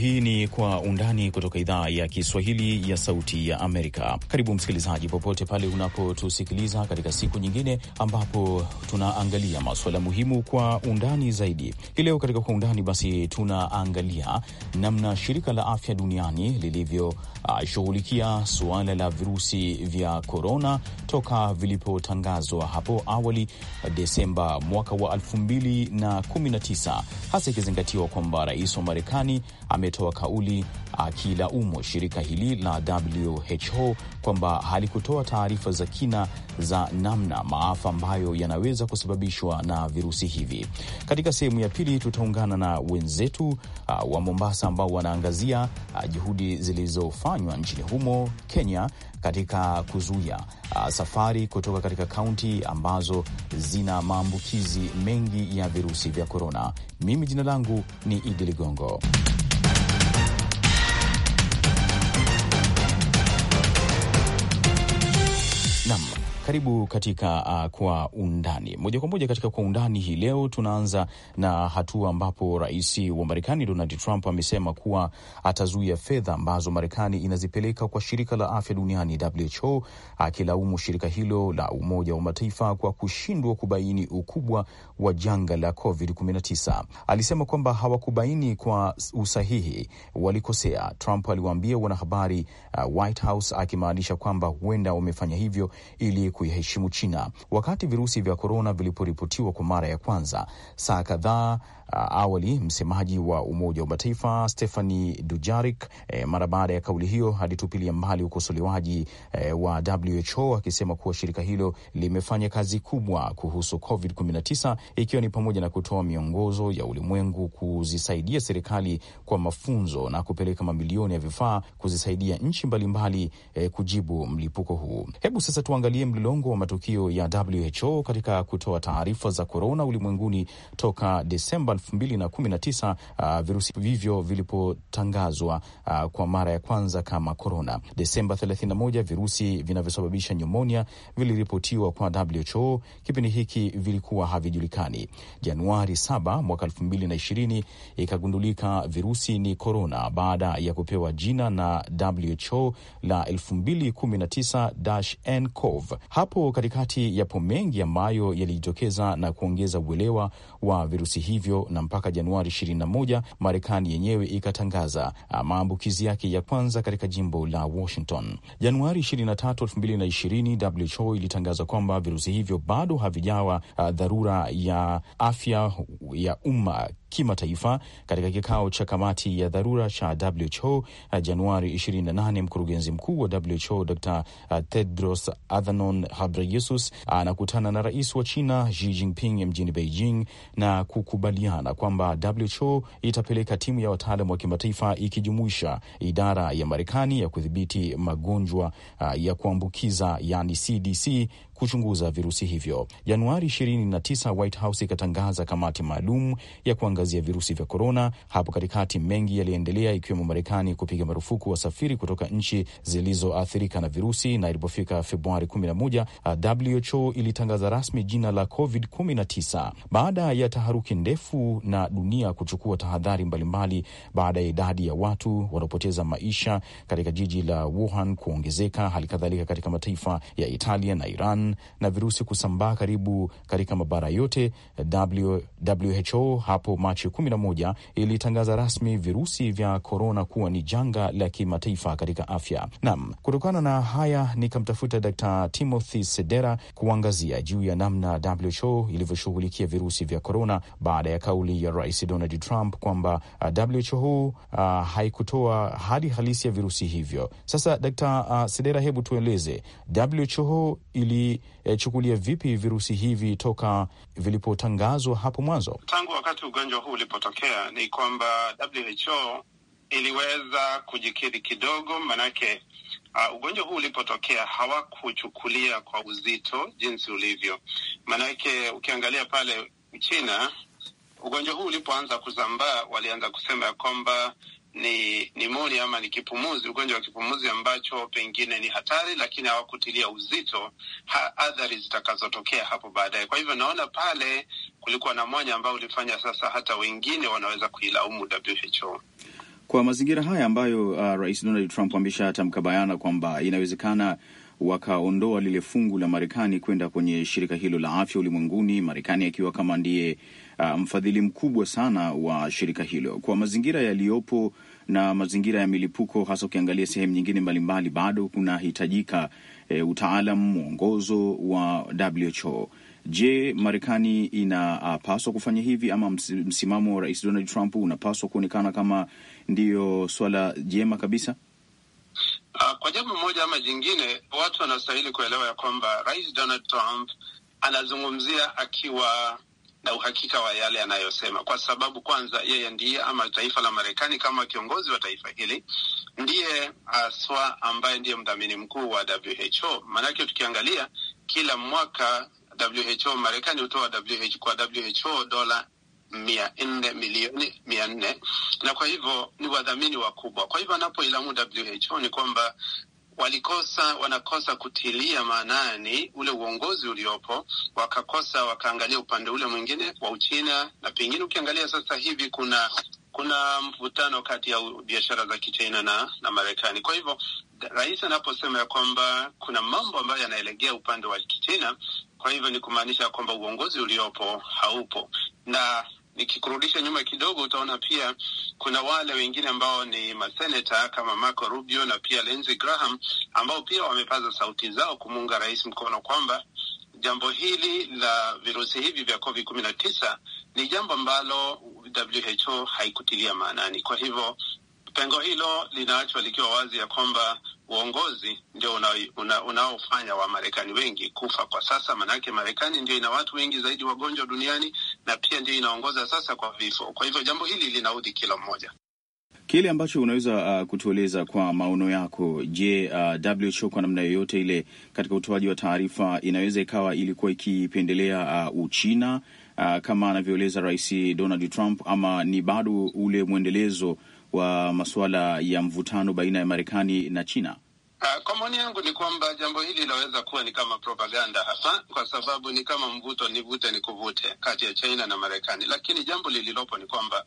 Hii ni Kwa Undani kutoka idhaa ya Kiswahili ya Sauti ya Amerika. Karibu msikilizaji, popote pale unapotusikiliza katika siku nyingine ambapo tunaangalia masuala muhimu kwa undani zaidi. Hii leo katika Kwa Undani basi tunaangalia namna shirika la afya duniani lilivyoshughulikia uh, suala la virusi vya korona toka vilipotangazwa hapo awali Desemba mwaka wa 2019 hasa ikizingatiwa kwamba rais wa Marekani ame imetoa kauli akilaumu shirika hili la WHO kwamba halikutoa taarifa za kina za namna maafa ambayo yanaweza kusababishwa na virusi hivi. Katika sehemu ya pili tutaungana na wenzetu uh, wa Mombasa ambao wanaangazia uh, juhudi zilizofanywa nchini humo Kenya katika kuzuia uh, safari kutoka katika kaunti ambazo zina maambukizi mengi ya virusi vya korona. Mimi jina langu ni Idi Ligongo. Karibu katika uh, kwa undani moja kwa moja. Katika kwa undani hii leo tunaanza na hatua ambapo rais wa Marekani Donald Trump amesema kuwa atazuia fedha ambazo Marekani inazipeleka kwa shirika la afya duniani WHO, akilaumu shirika hilo la Umoja wa Mataifa kwa kushindwa kubaini ukubwa wa janga la COVID-19. Alisema kwamba hawakubaini kwa usahihi, walikosea. Trump aliwaambia wanahabari uh, White House, akimaanisha kwamba huenda wamefanya hivyo ili kuiheshimu China. Wakati virusi vya korona viliporipotiwa kwa mara ya kwanza saa kadhaa awali, msemaji wa Umoja wa Mataifa Stephani Dujarik eh, mara baada ya kauli hiyo alitupilia mbali ukosolewaji eh, wa WHO akisema kuwa shirika hilo limefanya kazi kubwa kuhusu COVID-19 ikiwa ni pamoja na kutoa miongozo ya ulimwengu, kuzisaidia serikali kwa mafunzo na kupeleka mamilioni ya vifaa kuzisaidia nchi mbalimbali eh, kujibu mlipuko huu. Hebu sasa tuangalie mlilo mlolongo wa matukio ya WHO katika kutoa taarifa za korona ulimwenguni toka Desemba 2019 uh, virusi vivyo vilipotangazwa uh, kwa mara ya kwanza kama korona. Desemba 31 virusi vinavyosababisha nyumonia viliripotiwa kwa WHO. Kipindi hiki vilikuwa havijulikani. Januari 7 mwaka 2020 ikagundulika virusi ni korona baada ya kupewa jina na WHO la 2019-nCoV hapo katikati. Yapo mengi ambayo yalijitokeza na kuongeza uelewa wa virusi hivyo, na mpaka Januari 21 Marekani yenyewe ikatangaza ah, maambukizi yake ya kwanza katika jimbo la Washington. Januari 23, 2020 WHO ilitangaza kwamba virusi hivyo bado havijawa ah, dharura ya afya ya umma kimataifa katika kikao cha kamati ya dharura cha WHO uh, Januari 28, mkurugenzi mkuu wa WHO Dr uh, Tedros Adhanom Ghebreyesus anakutana na rais wa China Xi Jinping mjini Beijing na kukubaliana kwamba WHO itapeleka timu ya wataalam wa kimataifa ikijumuisha idara ya Marekani ya kudhibiti magonjwa uh, ya kuambukiza yani CDC kuchunguza virusi hivyo. Januari 29 White House ikatangaza kamati maalum ya kuangazia virusi vya korona. Hapo katikati mengi yaliendelea, ikiwemo Marekani kupiga marufuku wasafiri kutoka nchi zilizoathirika na virusi, na ilipofika Februari 11 WHO ilitangaza rasmi jina la COVID-19 baada ya taharuki ndefu na dunia kuchukua tahadhari mbalimbali baada ya idadi ya watu wanaopoteza maisha katika jiji la Wuhan kuongezeka, hali kadhalika katika mataifa ya Italia na Iran na virusi kusambaa karibu katika mabara yote, WHO hapo Machi 11 ilitangaza rasmi virusi vya korona kuwa ni janga la kimataifa katika afya. Naam, kutokana na haya nikamtafuta Dr. Timothy Sedera kuangazia juu ya namna WHO ilivyoshughulikia virusi vya korona baada ya kauli ya Rais Donald Trump kwamba uh, WHO uh, haikutoa hali halisi ya virusi hivyo. Sasa Dr. Uh, Sedera, hebu tueleze WHO ili mlichukulia eh, vipi virusi hivi toka vilipotangazwa hapo mwanzo? Tangu wakati ugonjwa huu ulipotokea, ni kwamba WHO iliweza kujikiri kidogo, manake uh, ugonjwa huu ulipotokea hawakuchukulia kwa uzito jinsi ulivyo, manake ukiangalia pale China ugonjwa huu ulipoanza kuzambaa, walianza kusema ya kwamba ni nimonia ama ni kipumuzi, ugonjwa wa kipumuzi ambacho pengine ni hatari, lakini hawakutilia uzito ha, athari zitakazotokea hapo baadaye. Kwa hivyo naona pale kulikuwa na mwanya ambao ulifanya sasa hata wengine wanaweza kuilaumu WHO kwa mazingira haya ambayo uh, Rais Donald Trump ameshatamka bayana kwamba inawezekana wakaondoa lile fungu la Marekani kwenda kwenye shirika hilo la afya ulimwenguni, Marekani akiwa kama ndiye Ah, mfadhili mkubwa sana wa shirika hilo kwa mazingira yaliyopo na mazingira ya milipuko, hasa ukiangalia sehemu nyingine mbalimbali, bado kunahitajika e, utaalam, mwongozo wa WHO. Je, Marekani inapaswa kufanya hivi ama msimamo wa Rais Donald Trump unapaswa kuonekana kama ndiyo swala jema kabisa? Uh, kwa jambo moja ama jingine, watu wanastahili kuelewa ya kwamba Rais Donald Trump anazungumzia akiwa na uhakika wa yale anayosema, kwa sababu kwanza yeye ndiye ama taifa la Marekani kama kiongozi wa taifa hili ndiye aswa ambaye ndiye mdhamini mkuu wa WHO. Maanake tukiangalia kila mwaka WHO Marekani hutoa WHO, kwa WHO dola mia nne milioni mia nne na kwa hivyo ni wadhamini wakubwa. Kwa hivyo anapoilamu WHO ni kwamba walikosa wanakosa kutilia maanani ule uongozi uliopo, wakakosa wakaangalia upande ule mwingine wa Uchina, na pengine ukiangalia sasa hivi kuna kuna mvutano kati ya biashara za kichina na na Marekani. Kwa hivyo rais anaposema ya kwamba kuna mambo ambayo yanaelegea upande wa kichina, kwa hivyo ni kumaanisha kwamba uongozi uliopo haupo, na Nikikurudisha nyuma kidogo, utaona pia kuna wale wengine ambao ni maseneta kama Marco Rubio na pia Lindsey Graham ambao pia wamepaza sauti zao kumuunga rais mkono kwamba jambo hili la virusi hivi vya Covid kumi na tisa ni jambo ambalo WHO haikutilia maanani. Kwa hivyo pengo hilo linaachwa likiwa wazi ya kwamba uongozi ndio unaofanya una, una Wamarekani wengi kufa kwa sasa. Maanake Marekani ndio ina watu wengi zaidi wagonjwa duniani na pia ndio inaongoza sasa kwa vifo. Kwa hivyo jambo hili linaudhi kila mmoja. Kile ambacho unaweza uh, kutueleza kwa maono yako, je, uh, WHO kwa namna yoyote ile katika utoaji wa taarifa inaweza ikawa ilikuwa ikipendelea uh, Uchina uh, kama anavyoeleza Rais Donald Trump ama ni bado ule mwendelezo wa masuala ya mvutano baina ya Marekani na China? Uh, kwa maoni yangu ni kwamba jambo hili linaweza kuwa ni kama propaganda hasa, kwa sababu ni kama mvuto nivute ni kuvute kati ya China na Marekani, lakini jambo lililopo ni kwamba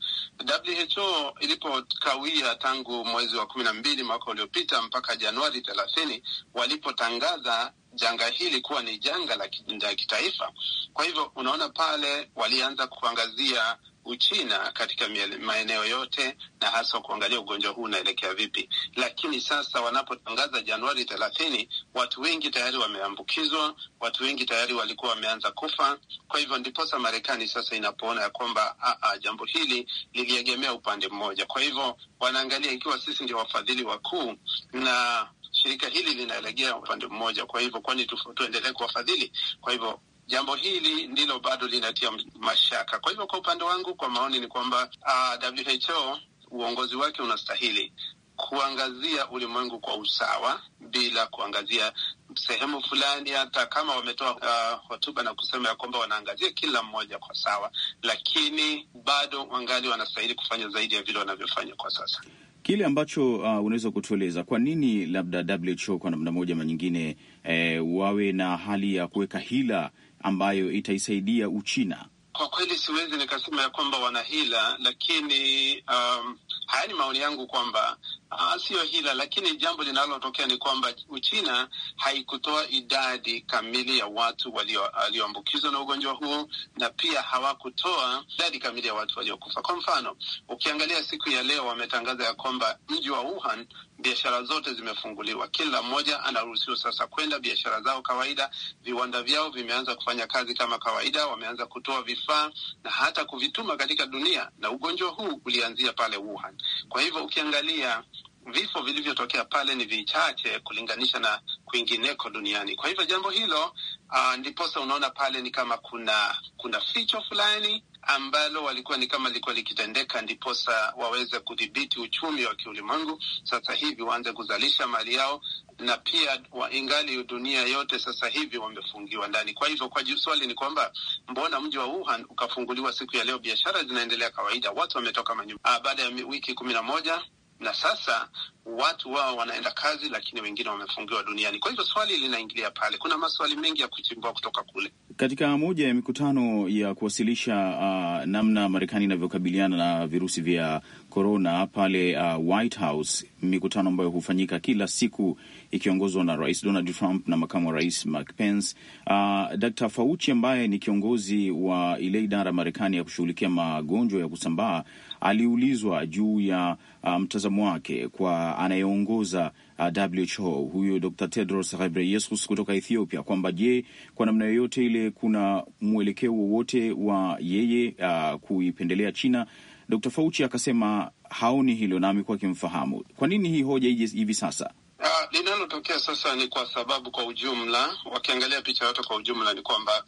WHO ilipokawia tangu mwezi wa kumi na mbili mwaka uliopita mpaka Januari thelathini walipotangaza janga hili kuwa ni janga la kitaifa. Kwa hivyo unaona pale walianza kuangazia Uchina katika maeneo yote na hasa kuangalia ugonjwa huu unaelekea vipi. Lakini sasa wanapotangaza Januari thelathini, watu wengi tayari wameambukizwa, watu wengi tayari walikuwa wameanza kufa. Kwa hivyo ndiposa Marekani sasa inapoona ya kwamba ah, ah, jambo hili liliegemea upande mmoja, kwa hivyo wanaangalia ikiwa sisi ndio wafadhili wakuu na shirika hili linaelegea upande mmoja, kwa hivyo kwani tuendelee kuwafadhili? Kwa hivyo Jambo hili ndilo bado linatia mashaka. Kwa hivyo, kwa upande wangu, kwa maoni ni kwamba uh, ah, WHO uongozi wake unastahili kuangazia ulimwengu kwa usawa bila kuangazia sehemu fulani. Hata kama wametoa uh, hotuba na kusema ya kwamba wanaangazia kila mmoja kwa sawa, lakini bado wangali wanastahili kufanya zaidi ya vile wanavyofanya kwa sasa. Kile ambacho uh, unaweza kutueleza kwa nini labda WHO kwa namna moja ama nyingine eh, wawe na hali ya kuweka hila ambayo itaisaidia Uchina. Kwa kweli siwezi nikasema ya kwamba wana hila, lakini um, Haya ni maoni yangu kwamba ah, siyo hila, lakini jambo linalotokea ni kwamba Uchina haikutoa idadi kamili ya watu walioambukizwa na ugonjwa huo, na pia hawakutoa idadi kamili ya watu waliokufa. Kwa mfano, ukiangalia siku ya leo wametangaza ya kwamba mji wa Wuhan biashara zote zimefunguliwa, kila mmoja anaruhusiwa sasa kwenda biashara zao kawaida. Viwanda vyao vimeanza kufanya kazi kama kawaida, wameanza kutoa vifaa na hata kuvituma katika dunia, na ugonjwa huu ulianzia pale Wuhan. Sudan. Kwa hivyo ukiangalia vifo vilivyotokea pale ni vichache kulinganisha na kwingineko duniani. Kwa hivyo jambo hilo uh, ndiposa unaona pale ni kama kuna kuna ficho fulani ambalo walikuwa ni kama likuwa likitendeka, ndiposa waweze kudhibiti uchumi wa kiulimwengu. Sasa hivi waanze kuzalisha mali yao, na pia ingali dunia yote sasa hivi wamefungiwa ndani. Kwa hivyo, kwa juu swali ni kwamba mbona mji wa Wuhan ukafunguliwa siku ya leo, biashara zinaendelea kawaida, watu wametoka manyumba ah, baada ya wiki kumi na moja na sasa watu wao wanaenda kazi, lakini wengine wamefungiwa duniani. Kwa hivyo swali linaingilia pale, kuna maswali mengi ya kuchimbua kutoka kule. Katika moja ya mikutano ya kuwasilisha uh, namna Marekani inavyokabiliana na virusi vya korona pale uh, White House, mikutano ambayo hufanyika kila siku ikiongozwa na Rais Donald Trump na makamu wa rais Mark Pence. Uh, Dr. Fauci ambaye ni kiongozi wa ile idara Marekani ya kushughulikia magonjwa ya kusambaa aliulizwa juu ya ah, mtazamo um, wake kwa anayeongoza uh, ah, WHO huyo Dr. Tedros Ghebreyesus kutoka Ethiopia kwamba je, kwa namna yoyote ile kuna mwelekeo wowote wa yeye uh, kuipendelea China. Dr. Fauci akasema haoni hilo na amekuwa akimfahamu. Kwa nini hii hoja hivi sasa? Uh, linalotokea sasa ni kwa sababu kwa ujumla, wakiangalia picha yote kwa ujumla, ni kwamba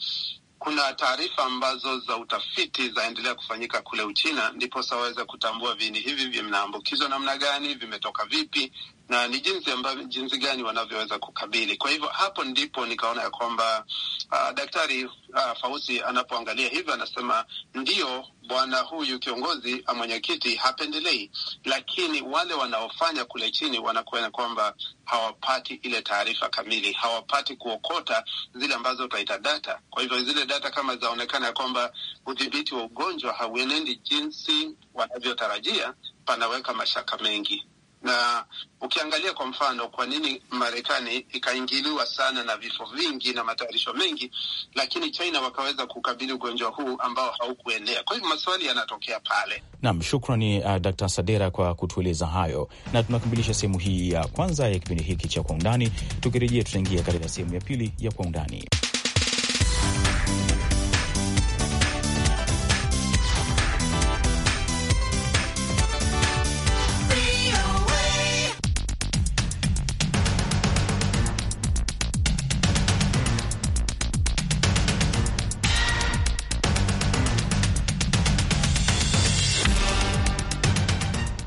kuna taarifa ambazo za utafiti zaendelea kufanyika kule Uchina, ndipo waweze kutambua viini hivi vinaambukizwa namna gani, vimetoka vipi, na ni jinsi ambavyo, jinsi gani wanavyoweza kukabili. Kwa hivyo hapo ndipo nikaona ya kwamba uh, daktari uh, ah, Fausi anapoangalia hivyo anasema ndio, bwana huyu kiongozi mwenyekiti hapendelei, lakini wale wanaofanya kule chini wanakuona kwamba hawapati ile taarifa kamili, hawapati kuokota zile ambazo utaita data. Kwa hivyo zile data kama zaonekana ya kwamba udhibiti wa ugonjwa hauenendi jinsi wanavyotarajia, panaweka mashaka mengi na ukiangalia kwa mfano, kwa nini Marekani ikaingiliwa sana na vifo vingi na matayarisho mengi, lakini China wakaweza kukabili ugonjwa huu ambao haukuenea. Kwa hivyo maswali yanatokea pale. Naam, shukrani uh, Dkt. Sadera kwa kutueleza hayo, na tunakamilisha sehemu hii ya kwanza ya kipindi hiki cha Kwa Undani. Tukirejea tutaingia katika sehemu ya pili ya Kwa Undani.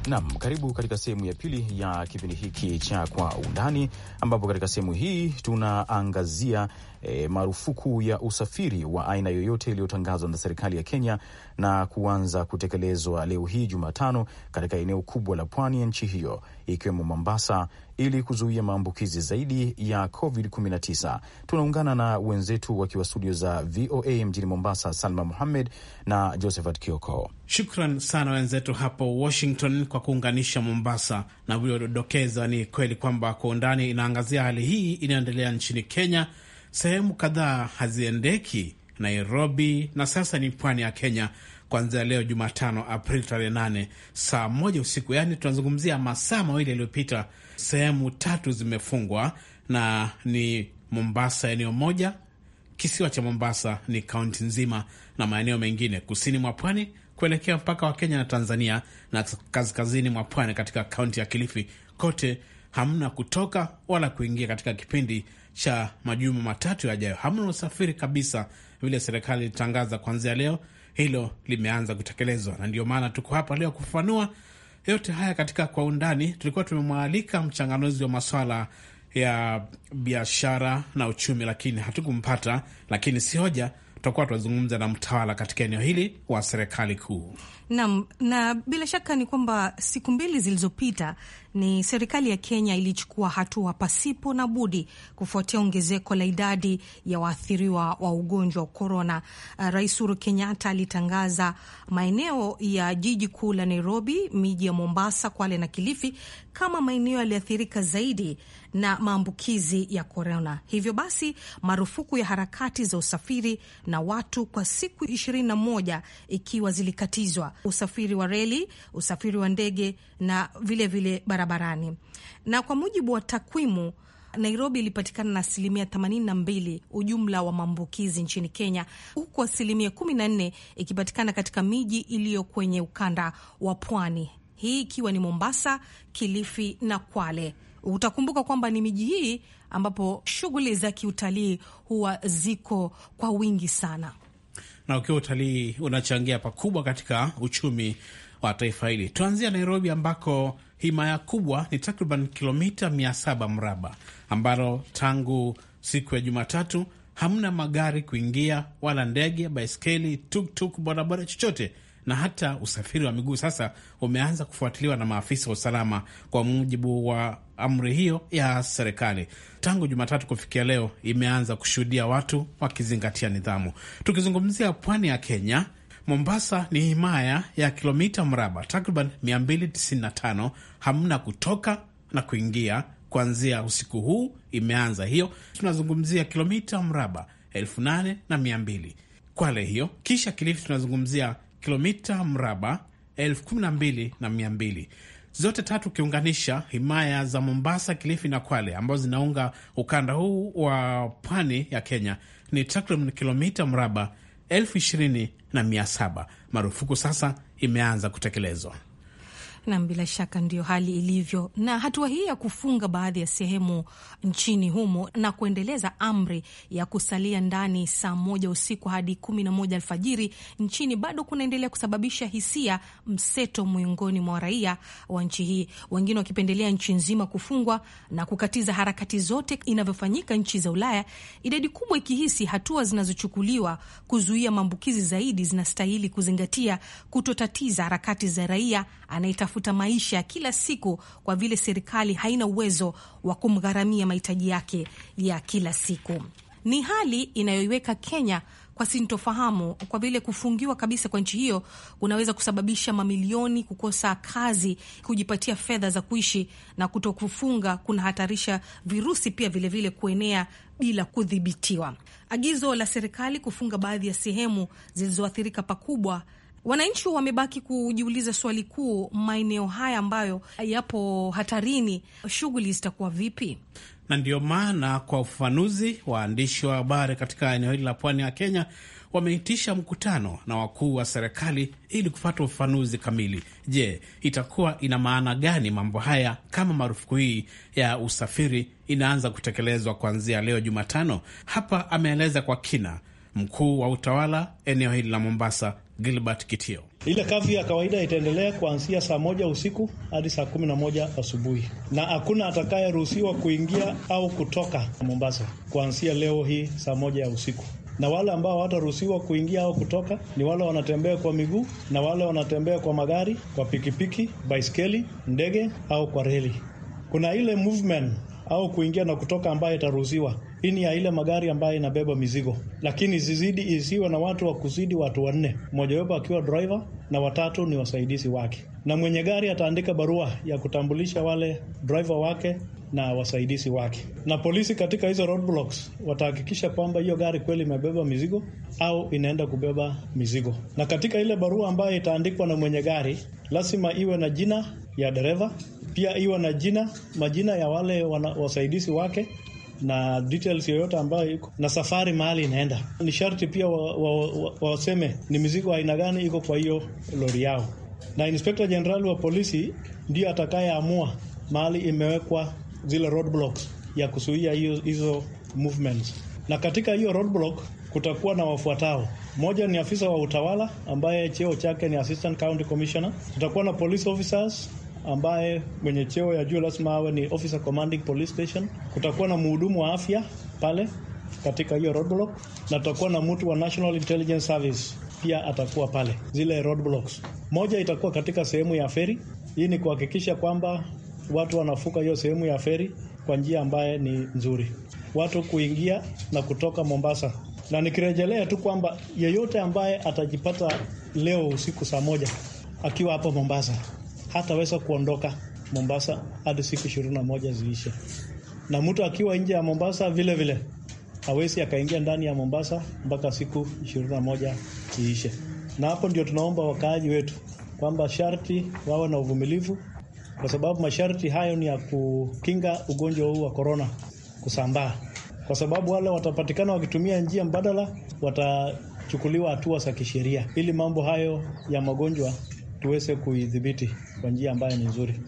Nam, karibu katika sehemu ya pili ya kipindi hiki cha Kwa Undani, ambapo katika sehemu hii tunaangazia e, marufuku ya usafiri wa aina yoyote iliyotangazwa na serikali ya Kenya na kuanza kutekelezwa leo hii Jumatano katika eneo kubwa la pwani ya nchi hiyo ikiwemo Mombasa, ili kuzuia maambukizi zaidi ya COVID-19. Tunaungana na wenzetu wakiwa studio za VOA mjini Mombasa, Salma Muhammed na Josephat Kioko. Shukran sana wenzetu hapo Washington kwa kuunganisha Mombasa, na uliodokeza ni kweli kwamba kwa undani inaangazia hali hii inayoendelea nchini Kenya. Sehemu kadhaa haziendeki Nairobi na sasa ni pwani ya Kenya kuanzia leo Jumatano Aprili tarehe 8 saa moja usiku, yaani tunazungumzia masaa mawili yaliyopita Sehemu tatu zimefungwa na ni Mombasa eneo moja, kisiwa cha Mombasa ni kaunti nzima, na maeneo mengine kusini mwa pwani kuelekea mpaka wa Kenya na Tanzania, na kaskazini mwa pwani katika kaunti ya Kilifi. Kote hamna kutoka wala kuingia katika kipindi cha majuma matatu yajayo, hamna usafiri kabisa, vile serikali ilitangaza kuanzia leo. Hilo limeanza kutekelezwa, na ndio maana tuko hapa leo kufafanua yote haya katika kwa undani, tulikuwa tumemwalika mchanganuzi wa maswala ya biashara na uchumi, lakini hatukumpata. Lakini si hoja, tutakuwa tunazungumza na mtawala katika eneo hili wa serikali kuu nam na bila shaka ni kwamba siku mbili zilizopita ni serikali ya Kenya ilichukua hatua pasipo na budi kufuatia ongezeko la idadi ya waathiriwa wa ugonjwa wa korona. Uh, Rais Uhuru Kenyatta alitangaza maeneo ya jiji kuu la Nairobi, miji ya Mombasa, Kwale na Kilifi kama maeneo yaliathirika zaidi na maambukizi ya korona. Hivyo basi marufuku ya harakati za usafiri na watu kwa siku moja ikiwa zilikatizwa usafiri wa reli, usafiri wa ndege na vilevile vile barabarani. Na kwa mujibu wa takwimu Nairobi ilipatikana na asilimia 82 ujumla wa maambukizi nchini Kenya, huku asilimia 14 ikipatikana katika miji iliyo kwenye ukanda wa pwani, hii ikiwa ni Mombasa, Kilifi na Kwale. Utakumbuka kwamba ni miji hii ambapo shughuli za kiutalii huwa ziko kwa wingi sana na ukiwa utalii unachangia pakubwa katika uchumi wa taifa hili. Tuanzia Nairobi ambako himaya kubwa ni takriban kilomita 7 mraba, ambalo tangu siku ya Jumatatu hamna magari kuingia wala ndege, baiskeli, tuktuk, bodaboda, chochote na hata usafiri wa miguu sasa umeanza kufuatiliwa na maafisa wa usalama kwa mujibu wa amri hiyo ya serikali. Tangu Jumatatu kufikia leo, imeanza kushuhudia watu wakizingatia nidhamu. Tukizungumzia pwani ya Kenya, Mombasa ni himaya ya kilomita mraba takriban 295, hamna kutoka na kuingia kuanzia usiku huu imeanza hiyo. Tunazungumzia kilomita mraba elfu nane na mia mbili Kwale hiyo. Kisha Kilifi tunazungumzia kilomita mraba 12,200 zote tatu ukiunganisha himaya za Mombasa, Kilifi na Kwale ambazo zinaunga ukanda huu wa pwani ya Kenya ni takriban kilomita mraba elfu Marufuku sasa imeanza kutekelezwa. Nam, bila shaka ndiyo hali ilivyo. Na hatua hii ya kufunga baadhi ya sehemu nchini humo na kuendeleza amri ya kusalia ndani saa moja usiku hadi kumi na moja alfajiri nchini bado kunaendelea kusababisha hisia mseto miongoni mwa raia wa nchi hii, wengine wakipendelea nchi nzima kufungwa na kukatiza harakati zote inavyofanyika nchi za Ulaya, idadi kubwa ikihisi hatua zinazochukuliwa kuzuia maambukizi zaidi zinastahili kuzingatia kutotatiza harakati za raia anayeta kutafuta maisha kila siku kwa vile serikali haina uwezo wa kumgharamia mahitaji yake ya kila siku. Ni hali inayoiweka Kenya kwa sintofahamu kwa vile kufungiwa kabisa kwa nchi hiyo kunaweza kusababisha mamilioni kukosa kazi, kujipatia fedha za kuishi, na kutokufunga kunahatarisha virusi pia vilevile vile kuenea bila kudhibitiwa. Agizo la serikali kufunga baadhi ya sehemu zilizoathirika pakubwa Wananchi wamebaki kujiuliza swali kuu, maeneo haya ambayo yapo hatarini, shughuli zitakuwa vipi? Na ndiyo maana kwa ufafanuzi, waandishi wa habari katika eneo hili la pwani ya Kenya wameitisha mkutano na wakuu wa serikali ili kupata ufafanuzi kamili. Je, itakuwa ina maana gani mambo haya kama marufuku hii ya usafiri inaanza kutekelezwa kuanzia leo Jumatano? Hapa ameeleza kwa kina mkuu wa utawala eneo hili la Mombasa, Gilbert Kitio. Ile kafu ya kawaida itaendelea kuanzia saa moja usiku hadi saa kumi na moja asubuhi, na hakuna atakayeruhusiwa kuingia au kutoka Mombasa kuanzia leo hii saa moja ya usiku na wale ambao hawataruhusiwa kuingia au kutoka ni wale wanatembea kwa miguu na wale wanatembea kwa magari, kwa pikipiki, baiskeli, ndege au kwa reli. Kuna ile movement au kuingia na kutoka ambayo itaruhusiwa hii ni ya ile magari ambayo inabeba mizigo, lakini zizidi isiwe na watu wa kuzidi watu wanne, mmojawapo akiwa driver na watatu ni wasaidizi wake, na mwenye gari ataandika barua ya kutambulisha wale driver wake na wasaidizi wake, na polisi katika hizo roadblocks watahakikisha kwamba hiyo gari kweli imebeba mizigo au inaenda kubeba mizigo. Na katika ile barua ambayo itaandikwa na mwenye gari, lazima iwe na jina ya dereva, pia iwe na jina majina ya wale wana, wasaidizi wake na details yoyote ambayo iko na safari mahali inaenda. Ni sharti pia waseme wa, wa, wa ni mizigo aina gani iko kwa hiyo lori yao, na Inspector jenerali wa polisi ndiyo atakayeamua mahali imewekwa zile roadblocks ya kuzuia hizo movements, na katika hiyo roadblock kutakuwa na wafuatao. Mmoja ni afisa wa utawala ambaye cheo chake ni assistant county commissioner. kutakuwa na police officers ambaye mwenye cheo ya juu lazima awe ni officer commanding police station. Kutakuwa na mhudumu wa afya pale katika hiyo roadblock, na tutakuwa na mtu wa National Intelligence Service pia atakuwa pale. Zile roadblocks moja itakuwa katika sehemu ya feri. Hii ni kuhakikisha kwamba watu wanafuka hiyo sehemu ya feri kwa njia ambaye ni nzuri, watu kuingia na kutoka Mombasa. Na nikirejelea tu kwamba yeyote ambaye atajipata leo usiku saa moja akiwa hapo Mombasa hataweza kuondoka Mombasa hadi siku ishirini na moja ziishe, na mtu akiwa nje ya Mombasa vile vile hawezi akaingia ndani ya Mombasa mpaka siku ishirini na moja ziishe. Na hapo ndio tunaomba wakaaji wetu kwamba sharti wawe na uvumilivu, kwa sababu masharti hayo ni ya kukinga ugonjwa huu wa korona kusambaa, kwa sababu wale watapatikana wakitumia njia mbadala watachukuliwa hatua za kisheria, ili mambo hayo ya magonjwa tuweze kuidhibiti kwa njia ambayo ni nzuri.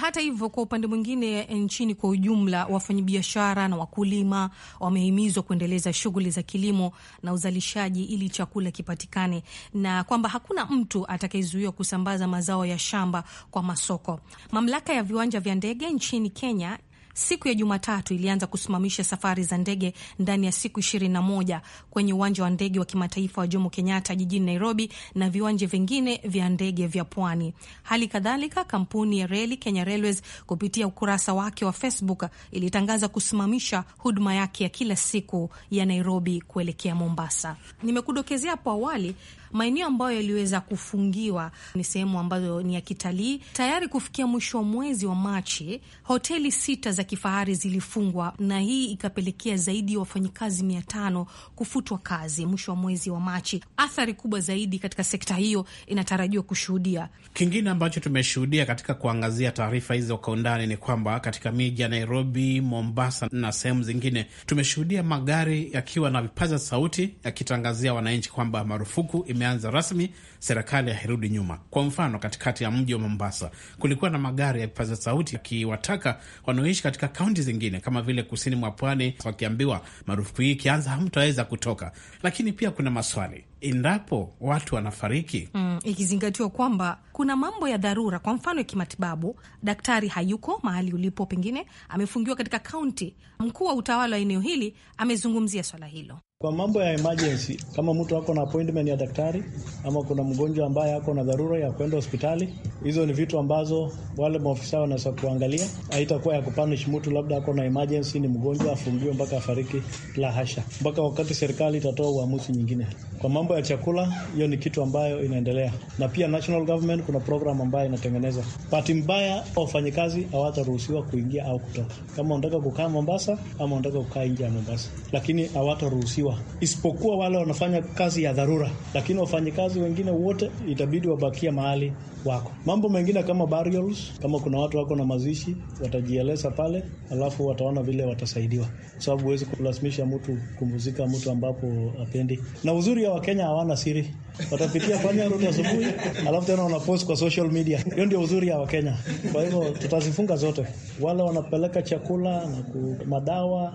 Hata hivyo, kwa upande mwingine, eh, nchini kwa ujumla, wafanyabiashara na wakulima wamehimizwa kuendeleza shughuli za kilimo na uzalishaji ili chakula kipatikane, na kwamba hakuna mtu atakayezuiwa kusambaza mazao ya shamba kwa masoko. Mamlaka ya viwanja vya ndege nchini Kenya siku ya Jumatatu ilianza kusimamisha safari za ndege ndani ya siku 21 kwenye uwanja wa ndege wa kimataifa wa Jomo Kenyatta jijini Nairobi na viwanja vingine vya ndege vya pwani. Hali kadhalika, kampuni ya reli Kenya Railways kupitia ukurasa wake wa Facebook ilitangaza kusimamisha huduma yake ya kila siku ya Nairobi kuelekea Mombasa. Nimekudokezea hapo awali Maeneo ambayo yaliweza kufungiwa ni sehemu ambazo ni ya kitalii. Tayari kufikia mwisho wa mwezi wa Machi, hoteli sita za kifahari zilifungwa, na hii ikapelekea zaidi ya wafanyikazi mia tano kufutwa kazi mwisho wa mwezi wa Machi. Athari kubwa zaidi katika sekta hiyo inatarajiwa kushuhudia. Kingine ambacho tumeshuhudia katika kuangazia taarifa hizo kwa undani ni kwamba katika miji ya Nairobi, Mombasa na sehemu zingine tumeshuhudia magari yakiwa na vipaza sauti yakitangazia wananchi kwamba marufuku ime imeanza rasmi, serikali hairudi nyuma. Kwa mfano, katikati ya mji wa Mombasa kulikuwa na magari ya vipaza sauti yakiwataka wanaoishi katika kaunti zingine kama vile kusini mwa pwani, wakiambiwa marufuku hii ikianza hamtaweza kutoka. Lakini pia kuna maswali endapo watu wanafariki, mm, ikizingatiwa kwamba kuna mambo ya dharura, kwa mfano ya kimatibabu. Daktari hayuko mahali ulipo, pengine amefungiwa katika kaunti. Mkuu wa utawala wa eneo hili amezungumzia swala hilo. Kwa mambo ya emergency, kama mtu ako na appointment ya daktari ama kuna mgonjwa ambaye ako na dharura ya kwenda hospitali, hizo ni vitu ambazo wale maofisa wanaweza kuangalia. Haitakuwa ya kupunish mtu labda ako na emergency, ni mgonjwa afungiwe mpaka afariki, la hasha, mpaka wakati serikali itatoa uamuzi nyingine. Kwa mambo ya chakula, hiyo ni kitu ambayo inaendelea, na pia national government kuna program ambayo inatengeneza. Bahati mbaya, wafanyikazi hawataruhusiwa kuingia au kutoka, kama unataka kukaa Mombasa ama unataka kukaa nje ya Mombasa, lakini hawataruhusiwa kubwa, isipokuwa wale wanafanya kazi ya dharura, lakini wafanyikazi wengine wote itabidi wabakia mahali wako. Mambo mengine kama burials, kama kuna watu wako na mazishi watajieleza pale, alafu wataona vile watasaidiwa, sababu huwezi kulazimisha mtu kumuzika mtu ambapo apendi. Na uzuri ya Wakenya hawana siri, watapitia fanya rudi asubuhi, alafu tena wanapost kwa social media. Hiyo ndio uzuri ya Wakenya. Kwa hivyo tutazifunga zote, wale wanapeleka chakula na madawa,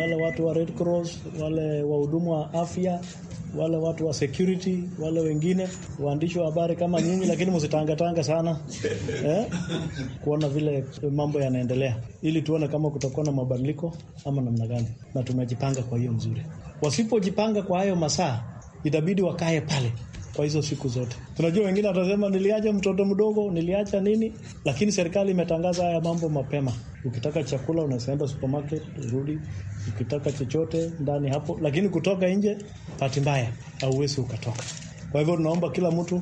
wale watu wa Red Cross, wale wa wahudumu wa afya, wale watu wa security, wale wengine waandishi wa habari kama nyinyi, lakini msitangatanga sana eh, kuona vile mambo yanaendelea, ili tuone kama kutakuwa na mabadiliko ama namna gani, na tumejipanga kwa hiyo mzuri. Wasipojipanga kwa hayo masaa, itabidi wakae pale kwa hizo siku zote. Tunajua wengine watasema niliacha mtoto mdogo, niliacha nini, lakini serikali imetangaza haya mambo mapema. Ukitaka chakula unaenda supermarket, urudi ukitaka chochote ndani hapo, lakini kutoka nje, pati mbaya, hauwezi ukatoka. Kwa hivyo tunaomba kila mtu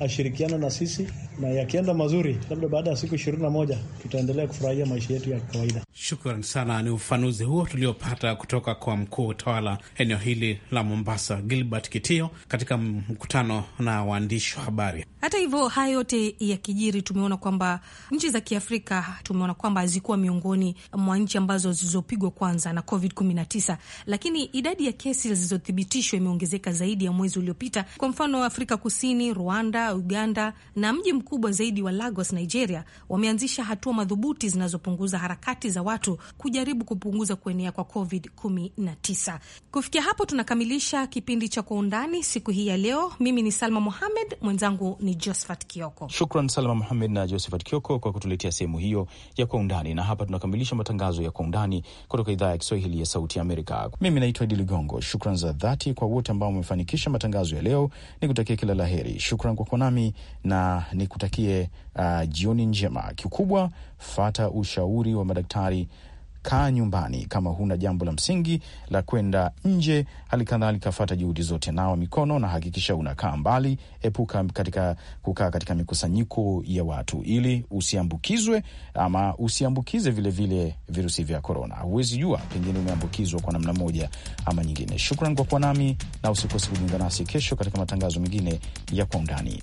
ashirikiane na sisi na yakienda mazuri, labda baada ya siku ishirini na moja tutaendelea kufurahia maisha yetu ya kawaida. Shukran sana. Ni ufanuzi huo tuliopata kutoka kwa mkuu utawala eneo hili la Mombasa, Gilbert Kitio, katika mkutano na waandishi wa habari. Hata hivyo, haya yote ya kijiri, tumeona kwamba nchi za Kiafrika tumeona kwamba hazikuwa miongoni mwa nchi ambazo zilizopigwa kwanza na COVID 19, lakini idadi ya kesi zilizothibitishwa imeongezeka zaidi ya mwezi uliopita. Kwa mfano, Afrika Kusini, Rwanda, Uganda na mji mkubwa zaidi wa Lagos, Nigeria, wameanzisha hatua madhubuti zinazopunguza harakati za watu kujaribu kupunguza kuenea kwa COVID-19. Kufikia hapo, tunakamilisha kipindi cha Kwa Undani siku hii ya leo. Mimi ni Salma Muhamed, mwenzangu ni Josephat Kioko. Shukran Salma Muhamed na Josephat Kioko kwa kutuletea sehemu hiyo ya Kwa Undani, na hapa tunakamilisha matangazo ya Kwa Undani kutoka idhaa ya Kiswahili ya Sauti Amerika. Mimi naitwa Idi Ligongo. Shukran za dhati kwa wote ambao wamefanikisha matangazo ya leo, ni kutakia kila la heri. Shukran kwa kuwa nami na ni kutakie uh, jioni njema. Kikubwa, fata ushauri wa madaktari, kaa nyumbani kama huna jambo la msingi la kwenda nje. Hali kadhalika fata juhudi zote, nawa mikono na hakikisha unakaa mbali, epuka katika kukaa katika mikusanyiko ya watu ili usiambukizwe ama usiambukize vilevile vile virusi vya korona. Huwezi jua, pengine umeambukizwa kwa namna moja ama nyingine. Shukran kwa kuwa nami na usikose kujiunga nasi kesho katika matangazo mengine ya Kwa Undani.